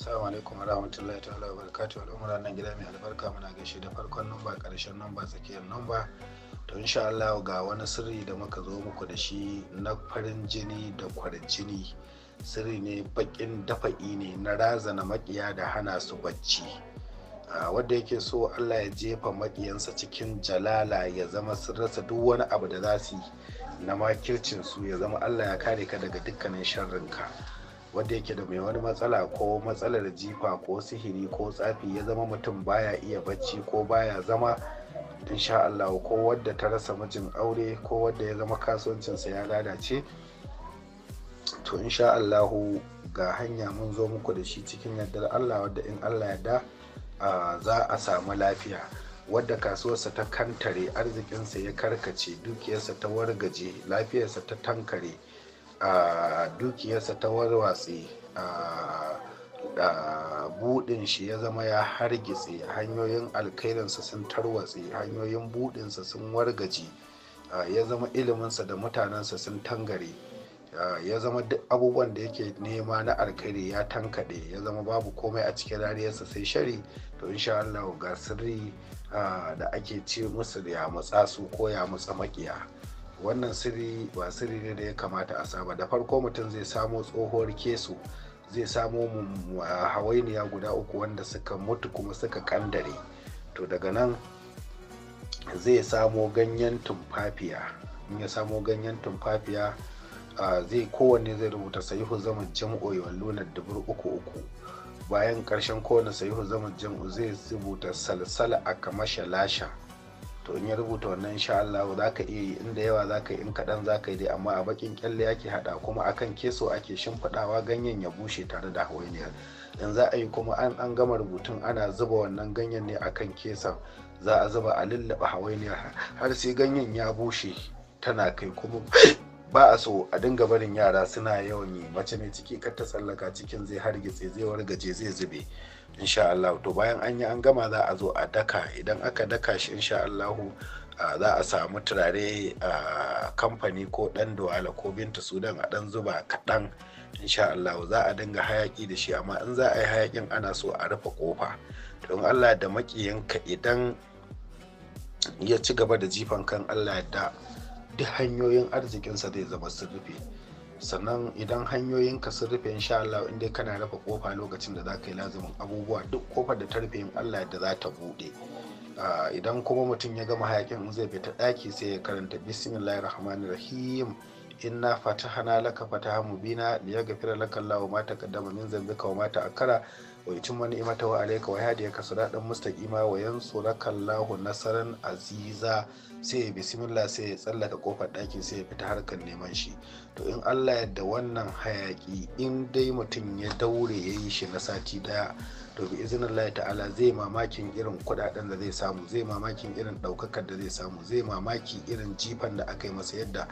Assalamu alaikum wa rahmatullahi ta'ala wa barkatu al'umma nan gida mai albarka muna gaishe da farkon namba karshen namba tsakiyar namba to insha Allah ga wani sirri da muka zo muku da shi na farin jini da kwarjini sirri ne bakin dafa'i ne na razana makiya da hana su bacci wanda yake so Allah ya jefa makiyansa cikin jalala ya zama sun rasa duk wani abu da za su yi na makircin su ya zama Allah ya kare ka daga dukkanin sharrinka. ka wanda yake da mai wani matsala ko matsalar jifa ko sihiri ko tsafi ya zama mutum baya iya bacci ko baya zama insha Allah ko wadda ta rasa mijin aure ko wadda ya zama kasuwancinsa ya lalace to insha Allah ga hanya mun zo muku da shi cikin yardar Allah wadda in Allah ya da za a samu lafiya wadda kasuwarsa ta kantare arzikinsa ya karkace dukiyarsa ta wargaje lafiyarsa ta tankare a dukiyarsa ta warwatse budin shi ya zama ya hargitse hanyoyin alkairinsa sun tarwatse hanyoyin budinsa sun wargaji ya zama iliminsa da mutanensa sun tangare ya zama duk abubuwan da yake nema na alkhairi ya tankade, ya zama babu komai a cikin rariyarsa sai shari to insha Allah ga sirri da ake ce musu ya matsa su ko ya matsa makiya wannan sirri ba sirri ne da ya kamata a saba da farko mutum zai samo tsohuwar kesu zai samo hawainiya guda uku wanda suka mutu kuma suka kandare to daga nan zai samo ganyen tumfafiya in ya samo ganyen tumfafiya zai kowanne zai rubuta sahihu zaman jam'o lunar dubur uku uku bayan ƙarshen kowane sahihu zaman jam'o zai rubuta salsala a kamashe lasha to in ya rubuta wannan insha Allah za ka iya yi inda yawa za ka yi in kaɗan za ka yi dai amma a bakin kyalle ake haɗa kuma akan keso ake shimfiɗawa ganyen ya bushe tare da hawainiyar in za a yi kuma an an gama rubutun ana zuba wannan ganyen ne akan kesan za a zuba a lullaba hawainiyar har sai ganyen ya bushe tana kai kuma ba a so a dinga barin yara suna yawan yi mace mai ciki kar ta tsallaka cikin zai hargitse zai wargaje zai zube insha Allah to bayan an yi an gama za a zo a daka idan aka daka shi insha Allah za a samu turare a kamfani ko dan duwala ko binta sudan a dan zuba kaɗan insha Allah za a dinga hayaki da shi amma in za a yi hayakin ana so a rufe kofa don Allah da makiyanka idan ya ci gaba da jifan kan Allah ya da duk hanyoyin arzikinsa zai zama sun rufe sannan idan hanyoyin ka sun rufe insha Allah inda kana rufe kofa lokacin da za ka yi lazumin abubuwa duk kofar da ta rufe in Allah yadda za ta buɗe idan kuma mutum ya gama hayakin zai fita ɗaki sai ya karanta bismillahir rahmanir rahim inna fatahana laka fataha mubina liyaghfira laka Allahu ma taqaddama min zambika wa ma ta'akkara wa yutimma ni'matahu alayka wa yahdiyaka daɗin mustaqima wa 'yan yansuraka lahu nasaran aziza sai ya bismillah sai ya tsallaka kofar ɗakin sai ya fita harkar neman shi to in Allah yadda wannan hayaƙi in dai mutum ya daure ya yi shi na sati daya to bi izinin ta'ala zai mamakin irin kudaden da zai samu zai mamakin irin ɗaukakar da zai samu zai mamaki irin jifan da aka yi masa yadda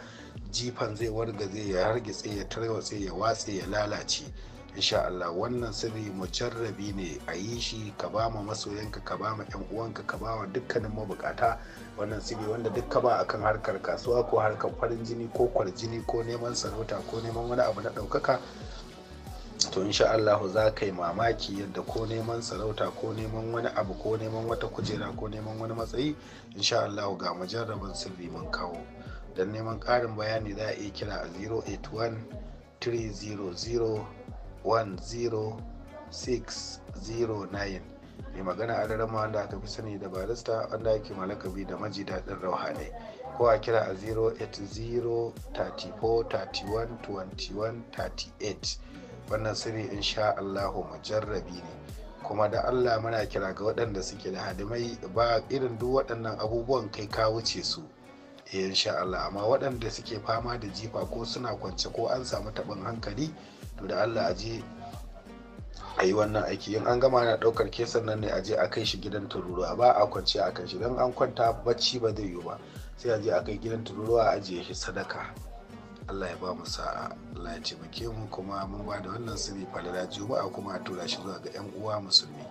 jifan zai warga zai ya hargitse ya tarwatse ya watse ya lalace insha Allah wannan sirri mujarrabi ne a yi shi ka ba ma masoyanka ka ba ma yan uwanka ka ba wa dukkanin mabukata wannan sirri wanda duk ka ba akan harkar kasuwa ko harkar farin jini ko kwarjini ko neman sarauta ko neman wani abu na ɗaukaka to insha Allah za ka yi mamaki yadda ko neman sarauta ko neman wani abu ko neman wata kujera ko neman wani matsayi insha Allah ga mujarrabin sirri mun kawo dan neman karin bayani za a iya kira a 081 300 10609 mai magana a daren wanda aka fi sani da barista wanda ake malakabi da maji daɗin rauhanai ko a kira a 08034312138 wannan sirri insha Allahu mujarrabi ne kuma da Allah muna kira ga waɗanda suke da hadimai ba irin duk waɗannan abubuwan kai ka wuce su Eh, insha Allah amma waɗanda suke fama da jifa ko suna kwance ko an samu taɓin hankali to da Allah a je a yi wannan aiki in an gama na ɗaukar kesan nan ne a je a kai shi gidan tururuwa ba a kwance a kan shi don an kwanta bacci ba zai yiwu ba sai a je a kai gidan tururuwa a ajiye shi sadaka Allah ya ba mu sa'a Allah ya taimake mu kuma mun ba da wannan sirri falala juma'a kuma a tura shi zuwa ga 'yan uwa musulmi